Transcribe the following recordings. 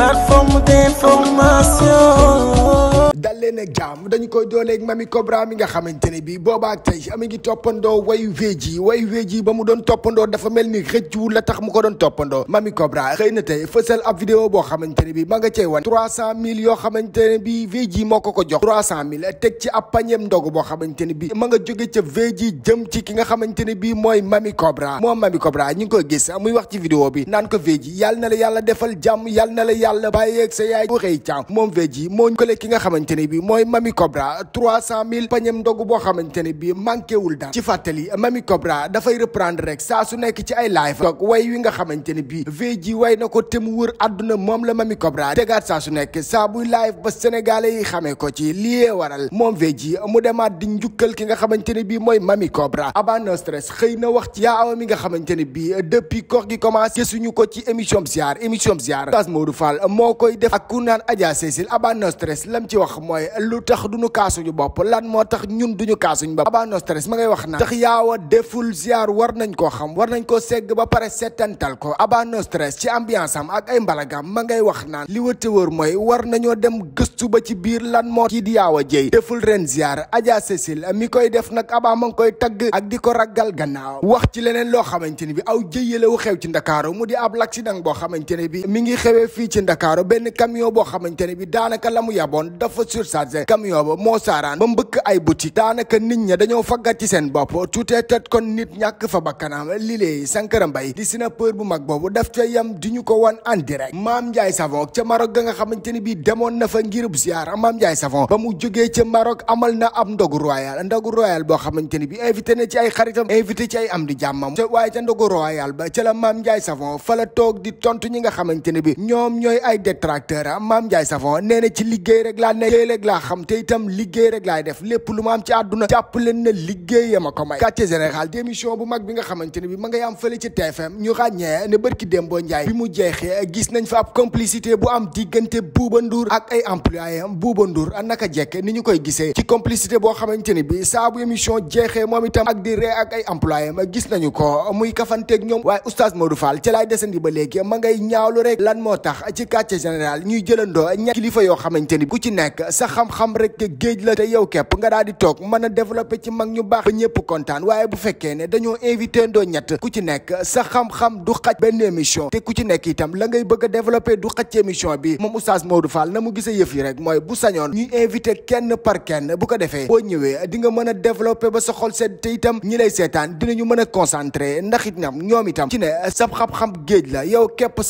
plateforme d'information. dalee nag jàmm dañu koy dooleeg Mamy Cobra mi nga xamante ne bii boobaak tey am ngi toppandoo wayu weeji wayu weeji ba mu doon toppandoo dafa mel ni rëccuwul la tax mu ko doon toppandoo Mamy Cobra xëy na tey fësal ab vidéo boo xamante ne bii ma nga cey wan 300000 yoo xamante ne bii weeji moo ko ko jox 300000 teg ci ab pañeem ndogu boo xamante ne bii ma nga jóge ca weeji jëm ci ki nga xamante ne bii mooy Mamy Cobra moom Mamy Cobra ñu ngi koy gis muy wax ci vidéo bi naan ko weeji yàlla na la yàlla defal jàmm yàlla na la yàlla bàyyi yeeg sa yaay bu xëy caam moom veji moo kële ki nga xamante ne bi mooy mami Cobra trois cent mille pañem ndogu boo xamante ne bi manqué wul dara ci fàttali mami rek saa nekk ci ay live donc way wi nga xamante ne bi veji way na ko te mu wër àdduna moom la mami Cobra tegaat saa su nekk saa buy live ba sénégalais yi xamee ko ci liyee waral moom veji mu demaat di njukkal ki nga xamante ne bi mooy mami Cobra aba no stress xëy na wax ci yaa awa mi nga xamante ne bi depuis ko gi commencé suñu ko ci émission ziar émission ziar tas Modou Sénégal moo koy def ak ku naan Adja Cécile Abba No Stress lam ci wax mooy lu tax duñu kaasuñu bopp lan moo tax ñun duñu kaasuñu bopp Abba No Stress ngay wax naan tax yaawa deful ziar war nañ koo xam war nañ koo segg ba pare settantal ko Abba No Stress ci ambiance am ak ay mbalagam ma ngay wax naan li wëtte wër mooy war nañoo dem gëstu ba ci biir lan moo kii di yaawa jëy deful ren ziar Adja Cécile mi koy def nag Abba ma ngi koy tagg ak di ko raggal gannaaw wax ci leneen loo xamante ni bi aw jëyale wu xew ci Ndakaaru mu di ab l'accident boo xamante ne bi mi ngi xewee fii ci Ndakaaru benn camion boo xamante ne bi daanaka la mu yaboon dafa surchargé camion ba moo saaraan ba mbëkk ay boutique daanaka nit ña dañoo faggat ci seen bopp tuutee tet kon nit ñàkk fa bakkanaam li léey Sankara Mbaye di snappeur bu mag boobu daf ca yam di ñu ko wan en direct Maam Ndiaye Savon ca Maroc ga nga xamante ni bi demoon na fa ngirub ziar Maam Ndiaye Savon ba mu jógee ca Maroc amal na ab ndogu royal ndogu royal boo xamante ni bi invité na ci ay xaritam invité ci ay am di jàmmam ñooy ay détracteur a ah. maam Ndiaye Savon nee na ci liggéey rek xam te itam liggéey rek laay def lépp lu ma am ci àdduna jàpp leen na liggéeyam a ko quartier général di émission bu mag bi nga xamante ne bi ma am fële ci TFM ñu ràññee ne bërki Dembo Ndiaye bi mu jeexee gis nañ fa ab complicité bu am diggante Bouba Ndour ak ay employé am Bouba Ndour ah, naka jekke ni ñu koy gisee ci complicité boo xamante ni bi saa bu émission jeexee moom itam ak di ree ak ay employé gis nañu ko muy kafanteeg ñoom waaye oustaz Modou Fall ci laay desandi ba ci quartier général ñuy jëlandoo ñetti kilifa yoo xamante ni ku ci nekk sa xam-xam rek géej la te yow képp nga daal di toog mën a développé ci mag ñu baax ba ñëpp kontaan waaye bu fekkee ne dañoo invité ndoo ñett ku ci nekk sa xam-xam du xaj benn émission te ku ci nekk itam la ngay bëgg a développé du xaj ci émission bi moom oustaz Modou Fall na mu gisee yëf yi rek mooy bu sañoon ñuy invité kenn par kenn bu ko defee boo ñëwee di nga mën a développé ba sa xol sedd itam ñi lay seetaan dinañu mën a concentré ndax itam ñoom itam ci ne sab xam géej la yow képp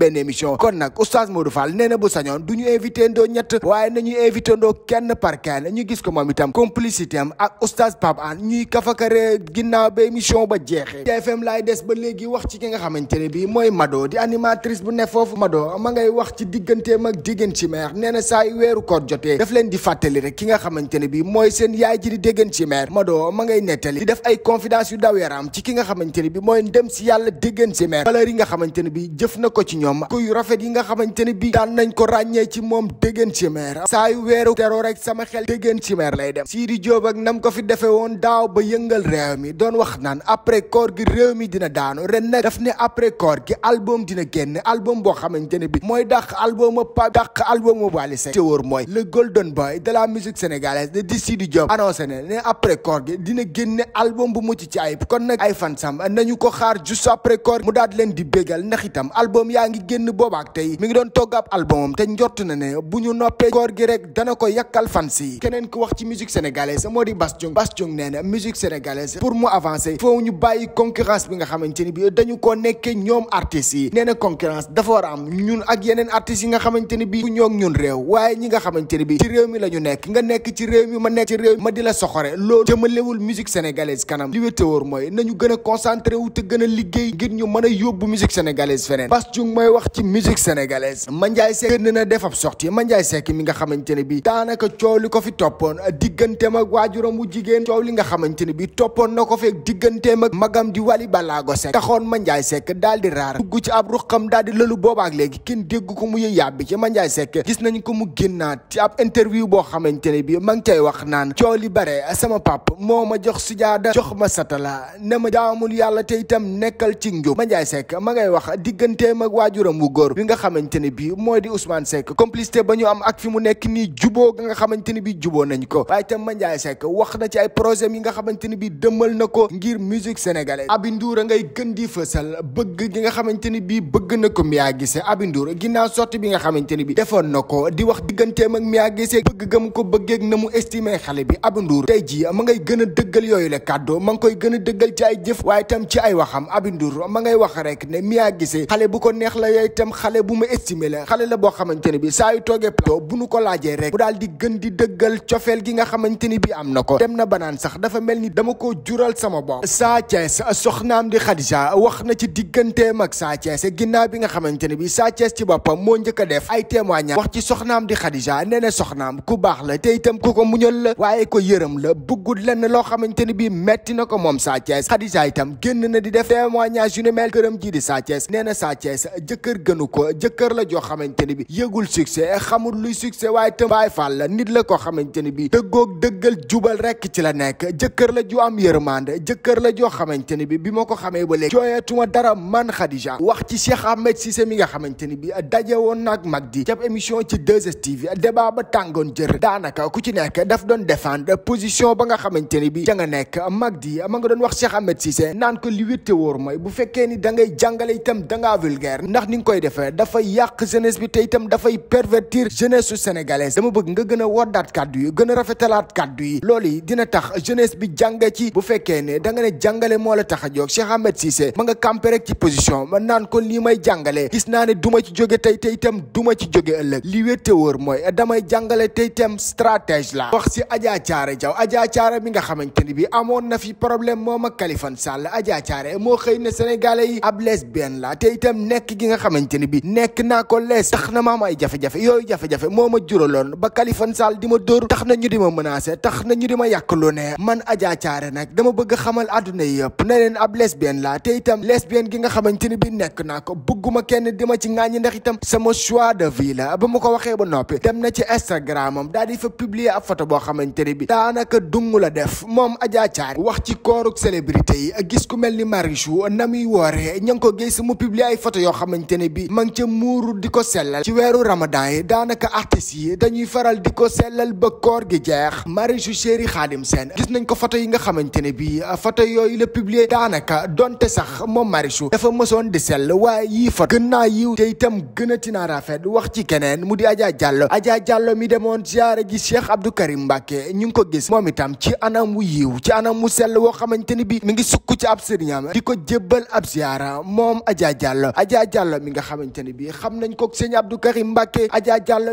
benn émission émission kon nag oustaz Modou Fall nee na bu sañoon du ñu invité ndoo ñett waaye nañu invité ndoo kenn par kenn ñu gis ko moom itam complicité ak oustaz Pape An ñuy kafakare ginnaaw ba émission ba jeexee TFM laay des ba léegi wax ci ki nga xamante ne bii mooy Mado di animatrice bu ne foofu Mado ngay wax ci digganteem ak Déguène Chimère nee na weeru koor jotee leen di fàttali rek ki nga xamante ne bii mooy seen yaay ji di Déguène Chimère Mado ma ngay nettali di def ay confidence yu daw yaram ci ki nga xamante ne bii mooy ndem si yàlla Déguène Chimère valeur yi nga xamante ne bii jëf na ko ci ñoom yu rafet yi nga xamante ni bi daan nañ ko ràññee ci moom déggeen ci meer saa yu weeru teroo rek sama xel déggeen ci meer lay dem Sidi Diop ak nam ko fi defe woon daaw ba yëngal réew mi doon wax naan après koor gi réew mi dina daanu ren nag daf ne après koor gi album dina génn album boo xamante ne bi mooy dàq album a pa dàq album a mooy le golden boy de la musique sénégalaise de di Sidi Diop annoncé ne ne après koor gi dina génne album bu mucc ci ayib kon nag ay fansam nañu ko xaar juste après koor mu daat leen di bégal ndax itam album yaa ngi boobaak tey mi ngi doon togg ab albumam te njort na ne bu ñu noppee koor gi rek dana ko yakkal fans yi keneen ku wax ci musique sénégalaise moo di Bass Thioung Bass Thioung nee na musique sénégalaise pour mu avancer foofu ñu bàyyi concurrence bi nga xamante ni bi dañu koo nekkee ñoom artistes yi nee na concurrence dafa war am ñun ak yeneen artistes yi nga xamante ni bi bu ñoo ñun réew waaye ñi nga xamante ni bi ci réew mi la ñu nekk nga nekk ci réew mi ma nekk ci réew mi ma di la soxore loolu jëmalewul musique sénégalaise kanam li wétawóor mooy nañu gën a concentré wu te gën a liggéey ngir ñu mën a yóbbu musique sénégalaise feneen Bass mooy wax ci musique sénégalaise Mandiaye Seck génn na def ab sortie Mandiaye mi nga xamante ne bi daanaka coow li ko fi toppoon digganteem ak waajuram wu jigéen coow li nga xamante ne bi toppoon na ko fi digganteem ak magam di Wally Ballago Seck taxoon Mandiaye Seck daal di raar dugg ci ab xam daal di lëlu boobaak léegi kenn dégg ko muy yàbbi ci Mandiaye Seck gis nañ ko mu génnaat ci ab interview boo xamante ne bi ma ngi cay wax naan coow li bare sama pap moo a jox sujaada jox ma satala ne ma jaamul yàlla te itam nekkal ci njub Mandiaye Seck ma ngay wax digganteem ak waajuram wu góor bi nga xamante ne bii mooy di Ousmane Seck complicité ba am ak fi mu nekk nii juboo ga nga xamante ne bii juboo nañ ko waaye itam Mandiaye Seck wax na ci ay projet yi nga xamante ne bii dëmal na ko ngir musique sénégalaise Aby Ndour a ngay gën di fësal bëgg gi nga xamante ne bii bëgg na ko Mia Guissé Aby Ndour ginnaaw bi nga xamante ne bii defoon na ko di wax digganteem ak Mia Guissé bëgg gëm ko bëggeeg na mu estimé xale bi Aby Ndour tey jii ma ngay gën a dëggal yooyu la kàddu ma ngi koy gën a dëggal ci ay jëf waaye itam ci ay waxam Aby Ndour ma ngay wax rek ne Mia Guissé xale bu ko neex la yooyu itam xale bu ma estimé la xale la boo xamante ne bi saa yu toogee bu nu ko laajee rek bu daal di gën di dëggal cofeel gi nga xamante ni bi am na ko dem na banaan sax dafa mel ni dama ko jural sama bopp Sa Thiès soxnaam di Khadija wax na ci digganteem ak Sa Thiès ginnaaw bi nga xamante ne bi Sa Thiès ci boppam moo njëkk a def ay témoignage wax ci soxnaam di Khadija nee na soxnaam ku baax la te itam ku ko muñal la waaye ko yërëm la bëggul lenn loo xamante ni bi metti na ko moom Sa Thiès Khadija itam génn na di def témoignage yu ne mel këram ji di Sa nee na Sa jëkkër gën gënu ko jëkkër la joo xamante ni bi yëgul succès xamul luy succès waaye tam baay faal la nit la koo xamante ni bi dëggoog dëggal jubal rek ci la nekk jëkkër la ju am yërmande jëkkër la joo xamante ni bi bi ma ko xamee ba léegi jooyatuma dara man Khadija wax ci Cheikh Ahmed Cissé mi nga xamante ni bi daje woon nag mag di jab émission ci 2STV débat ba tàngoon jër daanaka ku ci nekk daf doon défendre position ba nga xamante ni bi ja nga nekk mag di ma nga doon wax Cheikh Ahmed Cissé naan ko li wétte wóor mooy bu fekkee ni da ngay jàngale itam da vulgaire ndax ni koy dafa dafay yàq jeunesse bi te itam dafay pervertir jeunesse su sénégalaise dama bëgg nga gën a woddaat kàddu yi gën a rafetalaat kàddu yi loolu yi dina tax jeunesse bi jànge ci bu fekkee ne da nga ne jàngale moo la tax a jóg Cheikh Ahmed Cissé ma nga campé ci position ma naan ko lii may jàngale gis naa ne duma ci jóge tey te itam duma ci jóge ëllëg li wétte wóor mooy damay jàngale te itam stratège la wax si Adja Thiaré Diaw Adja Thiaré bi nga xamante ni bi amoon na fi problème moom ak Kalifone Sall Adja Thiaré moo xëy ne sénégalais yi ab lesbienne la te itam nekk gi nga xamante xamante ni bi nekk naa ko lees tax na ma am ay jafe-jafe yooyu jafe-jafe moo ma juraloon ba Kaliphone Sall di ma dóor tax na ñu di ma menacé tax na ñu di ma yàq lu ne man Adja Thiaré nag dama bëgg xamal àdduna yëpp na leen ab lesbienne laa te itam lesbienne gi nga xamante ni bi nekk naa ko bëgguma kenn di ma ci ŋaañi ndax itam sama choix de vie la ba ma waxee ba noppi dem na ci Instagram am daal di fa publier ab photo boo xamante ni bi daanaka dungu la def moom Adja Thiaré wax ci kooruk célébrité yi gis ku mel ni Marichou na muy wooree ko gis mu publier ay photo yoo xamante ne bi bi ma ngi ca muuru di ko sellal ci weeru ramadan yi daanaka artistes yi dañuy faral di ko sellal ba koor gi jeex Marichou Chéri Khadim seen gis nañ ko foto yi nga xamante ne bi foto yooyu le publier daanaka donte sax moom Marichou dafa mësoon di sell waaye yi photo gën naa yiw te itam gën a tinaa rafet wax ci keneen mu di aja Diallo Adja Diallo mi demoon ziare gi Cheikh Abdou Karim Mbacké ñu ngi ko gis moom itam ci anam wu yiw ci anam mu sell woo xamante ni bi mi ngi sukk ci ab sëriñam di ko jébbal ab ziara xamante ne bii xam nañ ko sëñ Abdou Karim Mbacke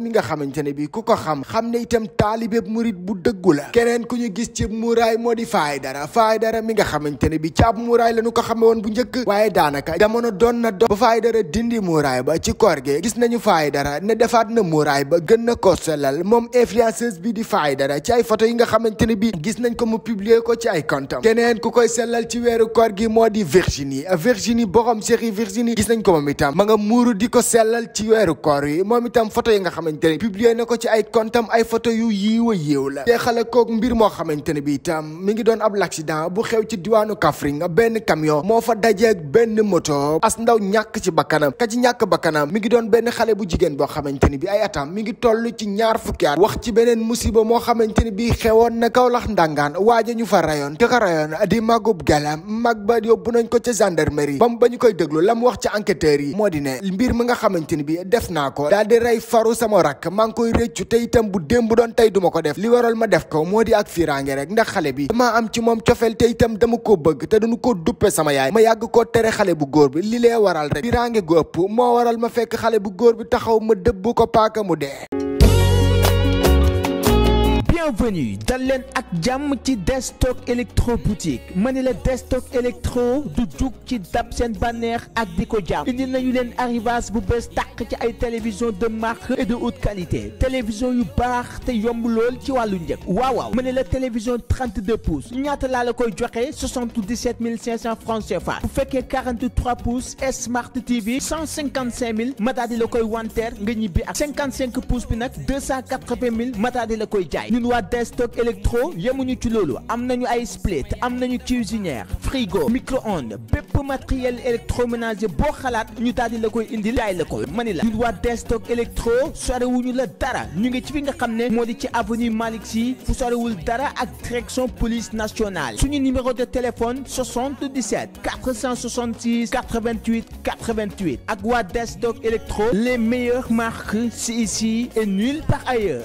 mi nga xamante ne bii ku ko xam xam ne itam taalibeb murit bu dëggu la keneen ku ñu gis ci muraay moo di faay dara faay dara mi nga xamante ne bii ci ab muraay la ñu ko xame woon bu njëkk waaye daanaka jamono doon na doon ba faay dara dindi muraay ba ci koor gi gis nañu faay dara ne defaat na muraay ba gën na ko selal moom influenceuse bi di faay dara ci ay photo yi nga xamante ne bii gis nañ ko mu publier ko ci ay comptam keneen ku koy sellal ci weeru koor gi moo ko muuru di ko sellal ci weeru koor yi moom itam photo yi nga xamante ne publier ne ko ci ay kontam ay foto yu yiiw a yiiw la jeexale kook mbir moo xamante ne bi tam mi ngi doon ab l'accident bu xew ci diwaanu Kaffrine benn camion moo fa dajeeg benn moto as ndaw ñàkk ci bakkanam ka ci ñàkk bakkanam mi ngi doon benn xale bu jigéen boo xamante ni bi ay atam mi ngi toll ci ñaar fukki at wax ci beneen musiba moo xamante ni bi xewoon na Kaolack ndangaan waaja ñu fa rayoon ka ka rayoon di magub galam mag ba yóbbu nañ ko ca gendarmerie ba mu ba ñu koy déglu la mu wax ci enquêteurs yi moo di mbir mi nga xamante ni bi def naa ko daal rey faru sama rakk maa ngi koy rëccu te itam bu bu doon tey duma ko def li waral ma def ko moo di ak firange rek ndax xale bi damaa am ci moom cofeel te itam dama ko bëgg te dañu ko duppe sama yaay ma yàgg koo tere xale bu góor bi li lee waral rek firange gu ëpp moo waral ma fekk xale bu góor bi taxaw ma dëbb ko paaka mu dee bienvenue dal leen ak jàmm ci Destock électro boutique la Destock électro du jug ci dab seen bànneex ak di ko jàmm indi nañu leen arrivage bu bees tàq ci ay télévision de marque et de haute qualité télévision yu baax te yomb lool ci wàllu njëg waaw waaw ma ni la télévision 32 pouces ñaata laa la koy joxe 77 500 francs CFA bu fekkee 43 pouces Smart TV 155 000 ma daal di la koy wanteer nga ñibbi ak 55 pouces bi nag 280 000 di la koy jaay waa Destock Electro yemuñu ci loolu am nañu ay split am nañu cuisinière frigo micro-ondes bépp matériel électroménager boo xalaat ñu daal la koy indil jaay la ko mani la ñun waa Destock Electro sorewuñu la dara ñu ngi ci fi nga xam ne moo di ci avenue Malick Sy fu sorewul dara ak direction police nationale suñu numéro de téléphone 77 466 88 88 ak waa Destock Electro les meilleures marques c'est ici et nulle part ailleurs